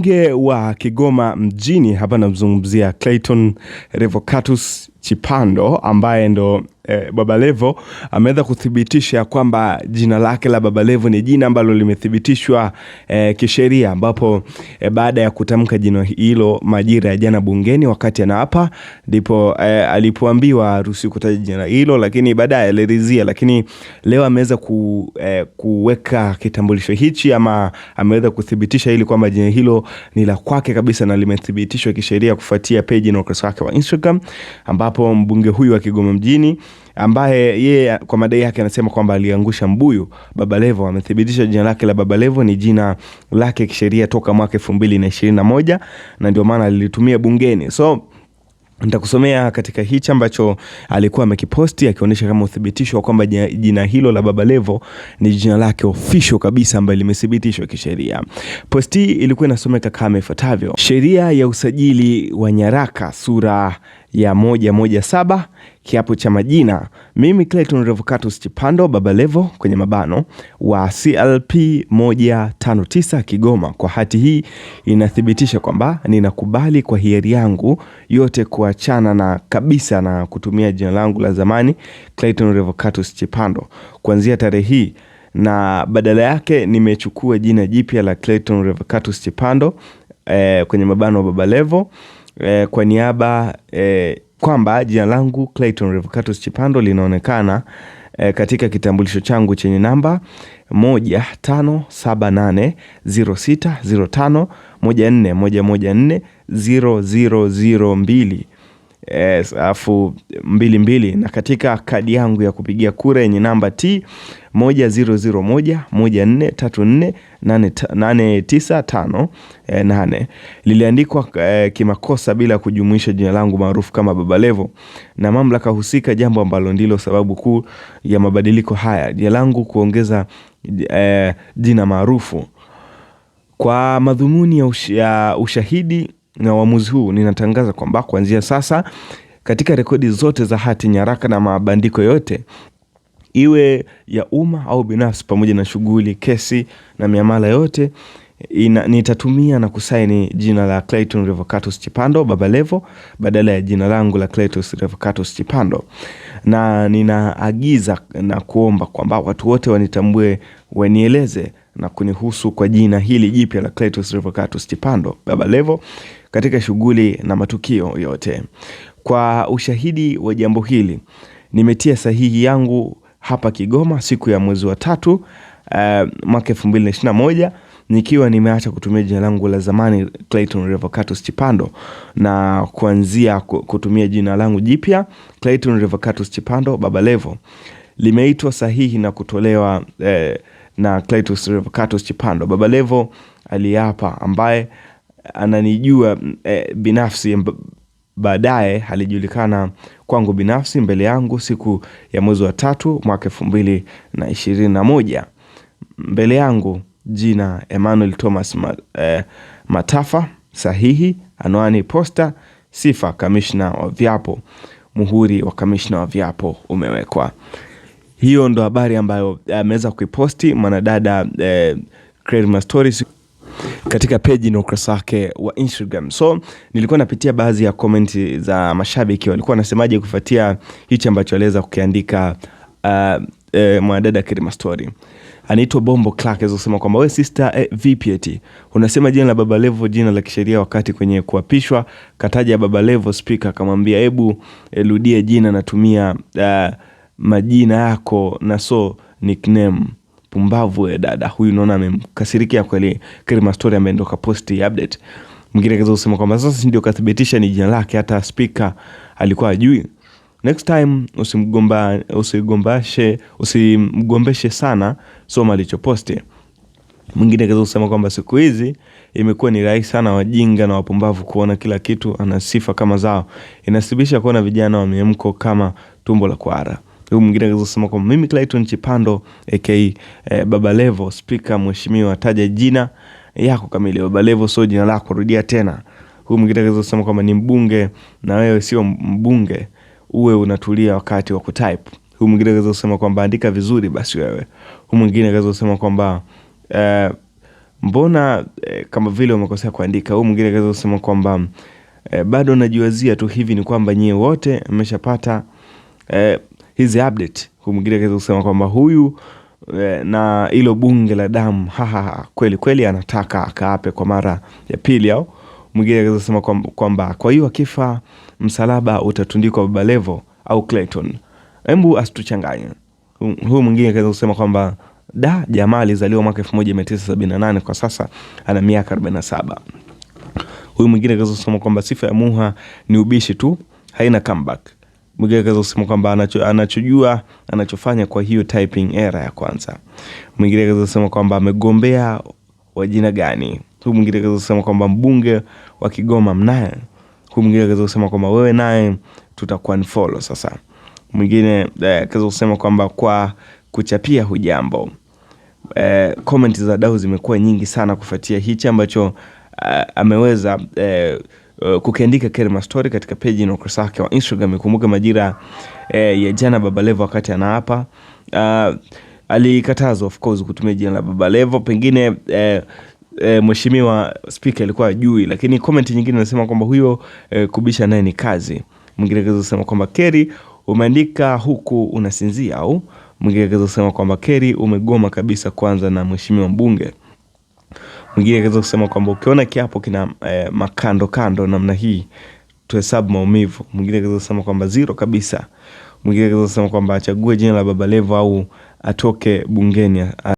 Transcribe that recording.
Mbunge wa Kigoma Mjini, hapa namzungumzia Clayton Revocatus Chipando ambaye ndo eh, Baba Levo ameweza kuthibitisha kwamba jina lake la Baba Levo ni jina ambalo limethibitishwa eh, kisheria, ambapo eh, baada ya kutamka jina hilo majira ya jana bungeni wakati anaapa, ndipo eh, alipoambiwa ruhusi kutaja jina hilo, lakini baadaye alirizia. Lakini leo ameweza ku, eh, kuweka kitambulisho hichi ama ameweza kuthibitisha ili kwamba jina hilo ni la kwake kabisa na limethibitishwa kisheria kufuatia peji na ukurasa wake wa Instagram ambapo ambapo mbunge huyu wa Kigoma mjini ambaye yeye kwa madai yake anasema kwamba aliangusha mbuyu Baba Levo Amethibitisha jina lake la Baba Levo ni jina lake kisheria toka mwaka 2021 na ndio maana alilitumia bungeni. So nitakusomea katika hichi ambacho alikuwa amekiposti akionyesha kama uthibitisho wa kwamba jina hilo la Baba Levo ni jina lake official kabisa ambalo limethibitishwa kisheria. Posti ilikuwa inasomeka kama ifuatavyo: sheria ya usajili wa nyaraka sura ya moja moja saba kiapo cha majina. Mimi Clayton Revocatus Chipando Baba Levo kwenye mabano wa CLP 159 Kigoma. Kwa hati hii inathibitisha kwamba ninakubali kwa hiari yangu yote kuachana na kabisa na kutumia jina langu la zamani Clayton Revocatus Chipando kuanzia tarehe hii na badala yake nimechukua jina jipya la Clayton Revocatus Chipando eh, kwenye mabano wa Baba Levo e, kwa niaba e, kwamba jina langu Clayton Revocatus Chipando linaonekana e, katika kitambulisho changu chenye namba mbili yes, eh, afu mbili mbili. Na katika kadi yangu ya kupigia kura yenye namba T moja ziro ziro moja moja nne tatu nne nane, nane tisa tano eh, nane liliandikwa eh, kimakosa bila kujumuisha jina langu maarufu kama Baba Levo na mamlaka husika, jambo ambalo ndilo sababu kuu ya mabadiliko haya, jina langu kuongeza eh, jina maarufu kwa madhumuni ya, usha, ya ushahidi na uamuzi huu ninatangaza kwamba kuanzia sasa katika rekodi zote za hati, nyaraka na mabandiko yote iwe ya umma au binafsi, pamoja na shughuli, kesi na miamala yote ina, nitatumia na kusaini jina la Clayton Revocatus Chipando Babalevo badala ya jina langu la Clayton Revocatus Chipando, na ninaagiza na kuomba kwamba watu wote wanitambue, wanieleze na kunihusu kwa jina hili jipya la Clayton Revocatus Chipando Levo katika shughuli na matukio yote. Kwa ushahidi wa jambo hili nimetia sahihi yangu hapa Kigoma siku ya mwezi wa tatu uh, mwaka moja nikiwa nimeacha kutumia jina langu la zamani Clayton Revocatus Chipando na kuanzia kutumia jina langu jipya Clayton Revocatus Chipando Baba Levo limeitwa sahihi na kutolewa eh, na Clayton Revocatus Chipando Baba Levo aliyeapa ambaye ananijua e, binafsi baadaye alijulikana kwangu binafsi mbele yangu siku ya mwezi wa tatu mwaka elfu mbili na ishirini na moja mbele yangu jina Emmanuel Thomas eh, Matafa sahihi anwani posta sifa kamishna wa vyapo muhuri wa kamishna wa vyapo umewekwa hiyo ndo habari ambayo eh, ameweza kuiposti mwanadada eh, Stories katika peji na ukurasa wake wa Instagram. So nilikuwa napitia baadhi ya komenti za mashabiki walikuwa wanasemaje kufuatia hichi ambacho aliweza kukiandika uh, eh, mwanadada Kirima Story anaitwa Bombo Clark kusema kwamba we sister eh, vipi eti unasema jina la Baba Levo jina la kisheria wakati kwenye kuapishwa kataja Baba Levo, spika akamwambia hebu eh, rudie jina natumia uh, majina yako na so nickname pumbavu ya eh, dada huyu, naona amemkasirikia kweli. Kirima Story ameenda kaposti update mwingine kaza kusema kwamba sasa ndio kathibitisha ni jina lake, hata speaker alikuwa ajui. Next time usimgomba, usigombashe, usimgombeshe sana, soma alichoposti. Mwingine kaza kusema kwamba siku hizi imekuwa ni rahisi sana wajinga na wapumbavu kuona kila kitu ana sifa kama zao, inasibisha kuona vijana wameamko kama tumbo la kuara. Huyu mwingine anaweza kusema kwa mimi Clayton Chipando aka e, eh, Baba Levo speaker, mheshimiwa, taja jina yako kamili. Baba Levo sio jina lako, rudia tena. Huyu mwingine anaweza kusema kwamba ni mbunge, na wewe sio mbunge, uwe unatulia wakati wa kutype. Huyu mwingine anaweza kusema kwamba andika vizuri basi wewe. Huyu mwingine anaweza kusema kwamba e, mbona e, kama vile umekosea kuandika. Huyu mwingine anaweza kusema kwamba e, bado najiwazia tu hivi, ni kwamba nyie wote mmeshapata e, hizi update, mwingine kaweza kusema kwamba huyu eh, na ilo bunge la damu hahaha, kweli kweli anataka akaape kwa mara ya pili, au mwingine akaweza kusema kwamba kwa hiyo akifa msalaba utatundikwa Baba Levo au Clayton, hebu asituchanganye. Huyu mwingine akaweza kusema kwamba da, jamaa alizaliwa mwaka 1978 kwa sasa ana miaka 47. Huyu mwingine akaweza kusema kwamba sifa ya Muha ni ubishi tu, haina comeback. Mwingine akaweza kusema kwamba anacho, anachojua anachofanya kwa hiyo typing era ya kwanza. Mwingine akaweza kusema kwamba amegombea wa jina gani. Huyu mwingine akaweza kusema kwamba mbunge wa Kigoma mnaye. Huyu mwingine akaweza kusema kwamba wewe naye tutakuwa tutakuunfollow sasa. Mwingine eh, akaweza kusema kwamba kwa kuchapia hujambo. Eh, comment za dau zimekuwa nyingi sana kufuatia hichi ambacho eh, ameweza eh, Eh, kukiandika Kerima Story katika peji na ukurasa wake wa Instagram. Kumbuka majira eh, ya jana Levo wakati anaapa uh, alikatazwa of course kutumia jina la Levo, pengine eh, E, mheshimiwa speaker alikuwa ajui, lakini comment nyingine inasema kwamba huyo e, kubisha naye ni kazi. Mwingine kaza kusema kwamba Keri, umeandika huku unasinzia au. Mwingine kaza kusema kwamba Keri, umegoma kabisa kwanza na mheshimiwa mbunge. Mwingine akaweza kusema kwamba ukiona kiapo kina eh, makando kando namna hii tuhesabu maumivu. Mwingine akaweza kusema kwamba zero kabisa. Mwingine akaweza kusema kwamba achague jina la Baba Levo au atoke bungeni.